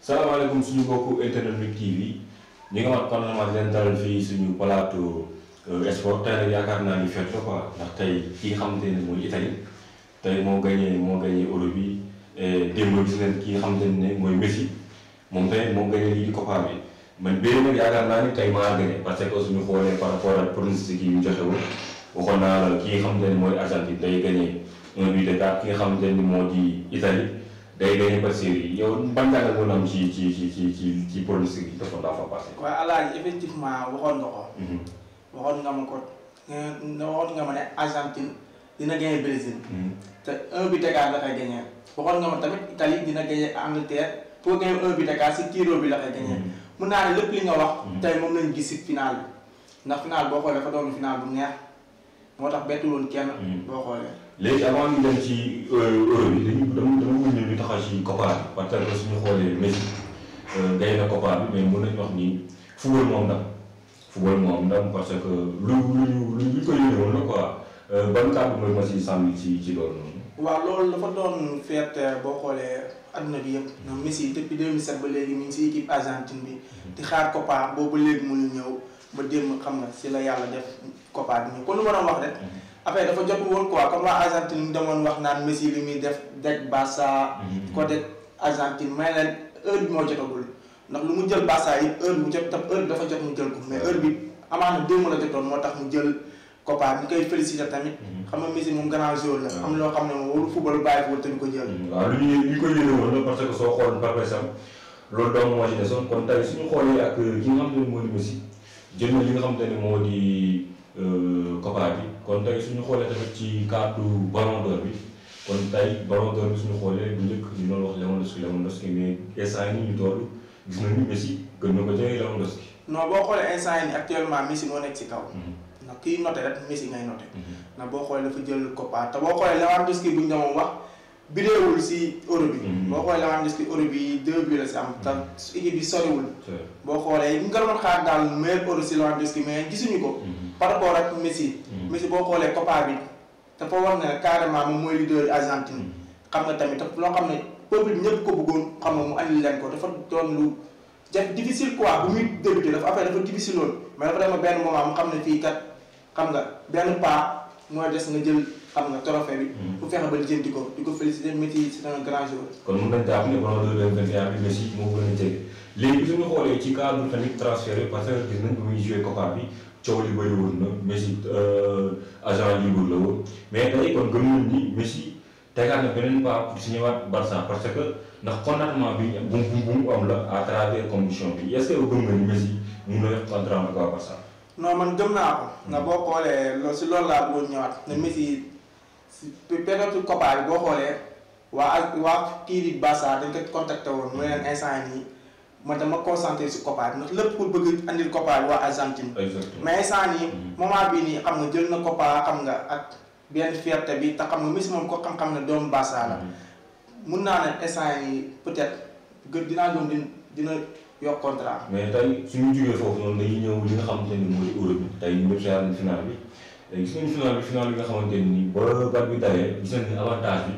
salaamaaleykum suñu mbokku internet mi TV ñi nga mat kon ma leen dal fi suñu plateau sport tey nag yaakaar naa ni fetto la quoi ndax tay ki nga xamante ne mooy Italie tey gagné mo gagné euro bi dembo gis leen ki nga xamante ne Messi mom tay mo gagné li di Copa bi man beu nak yaakar na ni tay ma gagné parce que suñu xolé par rapport à pronostic yi ñu joxé woon waxoon na la ki nga xamante ne Argentine tay gagné un but de carte ki nga xamante ne di Italie. day day Basiir yi yow ban jàngat mën am ci ci ci ci ci ci dafa daa fa passé. waaw Alaaji effectivement waxoon nga ko. Mhm. waxoon nga ko waxoon nga ma ne Argentine dina gagné Brésil. Mhm. te un but d'écart la koy gagné. waxoon nga ma tamit Italie dina gagné Angleterre pour gagné un but d'écart si tiro bi la koy gagné. Mhm. mun naa ne lépp li nga wax. tey moom lañ gis si final bi. ndax final boo xoolee dafa doon final bu neex moo tax bettu woon kenn. boo xoolee. léegi avant ñu dem ci euh, euro bi dañu dama dama mën ñu taxaw ci COPPA bi parce que suñu xoolee Messi euh, gay na COPPA bi mais mën nañu wax ni football moom ndam football moom ndam parce que lu lu lu ñu ko yëngu woon la quoi euh, ban kàddu noonu. waaw dafa doon fierté boo xoolee adduna bi yëpp ndax Messi depuis 2007 ba léegi mi ngi si équipe Argentine bi di xaar COPPA boobu ba léegi mënul ñëw ba démb xam na si la yàlla def COPPA bi ñëw kon lu ma doon wax rek. Mhm. après dafa jotul woon quoi comme waa Argentine ñu demoon wax naan Messi li muy def deg Barça. côté mhm. Argentine may leen heure bi moo jotagul ndax lu mu jël Barça yi heure bu jot tam heure bi dafa jot mu jël ko mais heure bi amaana démb la jotoon moo tax mu jël Copa ñu koy féliciter tamit. Mhm. xam nga Messi moom grand joueur la. am loo xam ne moom warul football bàyyi ko te du ko jël. Mhm. waaw lu ñu ñu ko yéene woon la parce que soo xool Mbappé loolu doomu moo ci desoon kon Euh, COPA bi kon tey suñu xoolee tamit ci kàddu Ballon d'Or bi kon tey Ballon d'Or bi suñu xoolee bu njëkk ñu doon wax Lewandowski Lewandowski mais instant yi ñu toll gis nañu Messi gën na ko jege Lewandowski. non boo xoolee instant yi actuellement Messi moo nekk ci kaw. Mhm. ndax kiy noté rek Messi ngay noté. Mhm. ndax boo xoolee dafa jël COPA te boo xoolee Lewandowski buñ demoon wax. bideewul si euro bi. Mm-hmm. boo xoolee la nga xam ne si euro bi deux bi la si am. Mm-hmm. te équipe bi soriwul. boo xoolee ñu ngi doon xaar daal meilleur euro si Lewandowski mais gisuñu ko. Mm-hmm. par rapport ak Messi. Messi boo xoolee Copa bi dafa war ne carrément moom mooy leader Argentine. xam nga tamit loo xam ne peuple bi ñëpp ko bëggoon xam nga mu andi leen ko dafa doon lu jafe difficile quoi bu muy débuté dafa affaire dafa difficile lool mais dafa dem benn moment mu xam ne fii kat xam nga benn pas mooy des nga jël. xam nga trophée bi. bu hmm. fexe ba lijjanti ko di ko féliciter Messi c'est un grand joueur. kon mën bi Messi a jege bi parce nañ ba euh, la woon mais tey kon gëm nañ ni Messi tegaat ndax contentement bi bu mu bu mu am la à travers condition boo xoolee si loolu laa bëggoon ñëwaat ne Messi. si période COPA boo xoolee waa ak waa kii di Bassa dañ ko contacté woon mu leen instant yii man dama concentré si COPA lépp pour bëgg andil COPA bi waa Argentine. mais instant yii mm-hmm. moment bii nii xam nga jël na COPA xam nga ak benn fierté bi te xam nga Miss moom ko xam-xam ne doomu Bassa la. Mm-hmm. mun naa ne instant yii peut-être gën dinaa doon dina yokk contrat. mais tey suñu jugee foofu noonu dañuy ñëw li nga xamante ne mooy Europe bi tey ñu def finale bi. léegi suñu final bi final bi nga xamante nii ba bat bi tawee gis nañ ni bi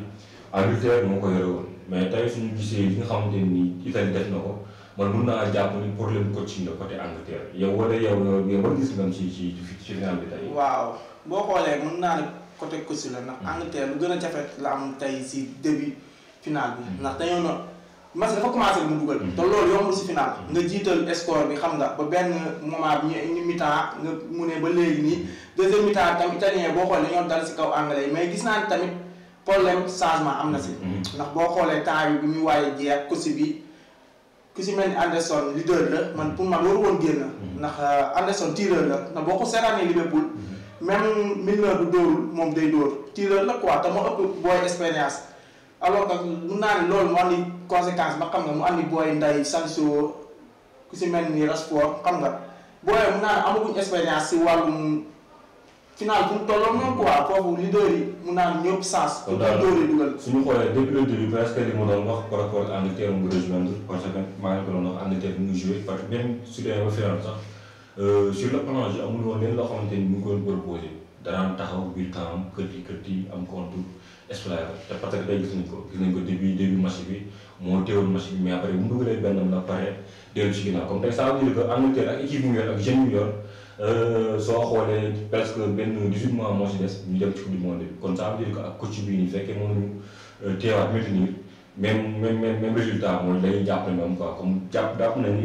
Angleterre moo ko yore woon mais tey suñu gisee li nga xamante ne nii Italie def na ko man mun naa jàpp ni problème coaching la côté Angleterre yow wala yow loolu yow war gis nga ci ci ci final bi tey. waaw boo xoolee mën naa ne côté hmm. lu gën a jafe la am tey si début final bi. Hmm. ndax dañoo match dafa commencé mu dugal. Mm. te loolu yombul si final. nga jiital score bi xam nga ba benn moment bi nga mu ne ba léegi nii deuxième mi-temps tam italien boo xoolee ñoo dal si kaw anglais mais gis naa ni tamit problème changement am na si. Mm. Mm. ndax boo xoolee temps bi bu ñu waaye jeex ku bi ku si mel ni Anderson leader la man pour man waru woon génn. ndax euh, Anderson tireur la ndax boo ko seetaanee Liverpool. même milieu bu dóorul moom day dóor tireur la quoi alors que mun naa ne loolu mu andi conséquence ba xam nga mu andi booy nday Sancho ku si mel ni Rashford xam nga booyee mun naa ne amaguñ expérience si wàllum final fu mu tolloo moom quoi foofu leader yi mun naa ne ñëpp sens. pour daal dóoree dugal. suñu xoolee depuis le début presque li mu doon wax par rapport ak Angleterre mu que maa ngi ko mu ngi joué parce que même su dee ba euh, mu ngi koon proposé danaan taxaw biir kanam kër yi kër yi am contre exploité te parce que tey gis nañ ko gis nañ ko bi moo teewoon match bi mais après bu mu dugalee benn la soo xoolee presque benn 18 mois moo ci des ñu dem ci coupe du monde bi kon ça veut dire que ak euh, comme jàpp jàpp nañu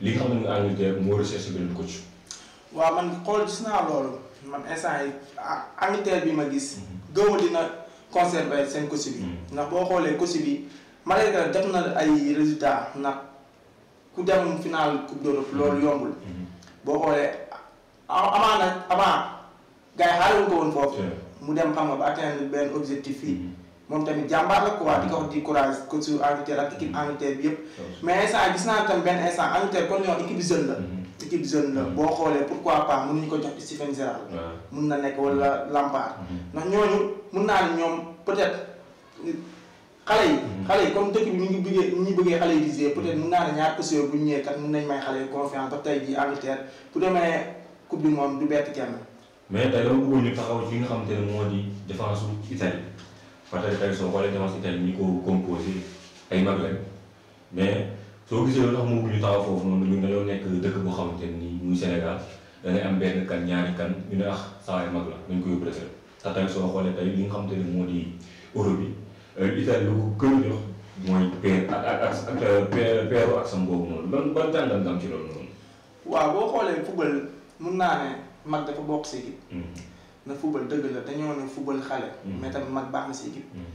li nga xam ne Angleterre moo recherché ah, bi ma gis. Mhm. gëwma dina conserver seen coach bi hmm. ndax boo xoolee coach bi malgré que def na ay résultats ndax ku dem final coupe d'Europe hmm. loolu yombul hmm. boo xoolee avant nag avant gars yi xaaruñu ko woon foofu mu dem xam nga ba atteindre benn objectif fii moom tamit jàmbaar la quoi di ko wax di courage coach Angleterre ak équipe Angleterre bi yëpp mais instant gis naa tam benn instant Angleterre kon ñoo équipe jeune la équipe jeune la ah. boo xoolee pourquoi pas ñu ko jox ci Stephen ah. mun na nekk wala mm-hmm. Lampard mm-hmm. ndax ñooñu mun naa ne ñoom peut-être xale yi mm-hmm. xale yi comme dëkk bi ñu ngi bëggee ñu bëggee xale yi di jouer peut-être mun naa ne ñaar poseyo bu ñu ñëwee kat mun nañ may xale yi confiance ba tey jii Angleterre bu demee coupe bi moom du bett kenn mais tey dama bëggoon ñu taxaw ci nga xamante ne moo di défense su Italie parce que tey soo xoolee défense Italie ñi ko composé ay mag lañ soo gisee lu tax moom ñu taxaw foofu noonu ñun dañoo nekk dëkk boo xamante ni muy Sénégal da ngay am benn kan ñaari kan ñu ne ah saa mag la dañ ko yóbbu rek te tamit soo xoolee tey li nga moo di euro bi euh, Italie lu ko gën a jox mooy paire ak ak ak euh, paire ak sam boobu noonu lan nga boo xoolee football mun naa ne mag dafa bokk si équipe. Hmm. na football dëgg la dañoo ne football xale. Hmm. mais tamit mag baax na si équipe. Hmm.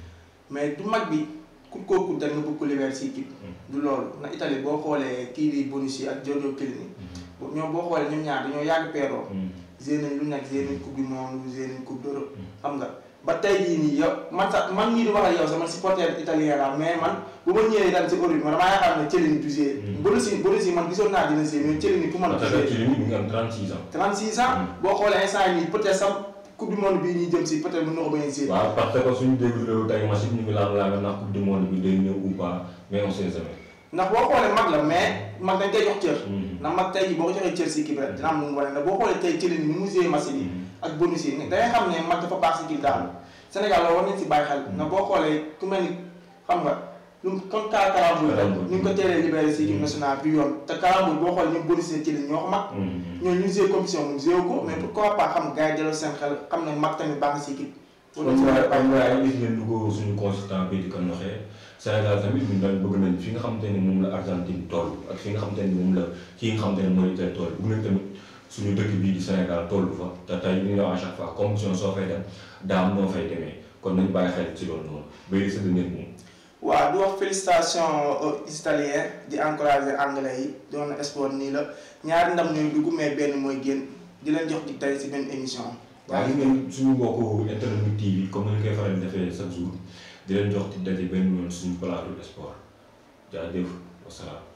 mais du mag bi. ku kooku da nga bëgg ko libérer si équipe. Mm. du loolu na Italie boo xoolee kii di Bonucci ak Giorgio Chiellini. Mm. ñoom boo xoolee ñoom ñaar dañoo yàgg peeroo. gérer mm. lu nekk gérer nañ coupe du monde gérer nañ coupe d'Europe xam nga ba tey jii nii yow man sax man mii di wax ak yow sax man supporter italien laa mais man bu ma ñëwee daal ci Europe man damaa yaakaar ne Chiellini du gérer. Bonucci Bonucci man gisoon naa dina gérer mais Chiellini pour man. du gérer Chiellini mu ngi boo xoolee instant yii coupe du monde bii ñuy jëm si peut-être mën na ko bañ si. waaw parce que suñu déglu réew tey match ñu ngi laal laal ndax coupe du monde bi day ñëw ou mais ma sait jamais. ndax boo xoolee mag la mais mag dañ koy cër. Mm-hmm. ndax mag tey boo ko joxee cër si kii bi rek mu boo xoolee tey cëlin ni mu musée match bi mm-hmm. ak bonus yi da ngay xam ne mag dafa baax si kii daal Sénégal la war si bàyyi xel. ndax boo xoolee ku mel ni xam nga. ñun comme cas Karambour ñu ngi ko teelee libéré si équipe mm-hmm. nationale bi yoon te Karambour boo xool mm-hmm. ñu bëri mm-hmm. seen ci ne na si équipe waaye gis ngeen du ko suñu consultant bii di fi nga xamante ne moom la Argentine toll ak ne moom ne toll fa te tey ñu ñëw à chaque fois compétition soo fay dem daam noo fay demee kon nañ bàyyi xel ci loolu noonu bay sa dëneen moom waaw di wax félicitation italien di encourager anglais yi doon sport nii la ñaari ndam ñooy dugg mais benn mooy génn di leen jox di tey si benn émission. waa li ngeen suñu mbokku internet bi TV comme ni koy faral di defee chaque jour di leen jox di daje benn yoon suñu plateau de sport jaajëf wasalaam.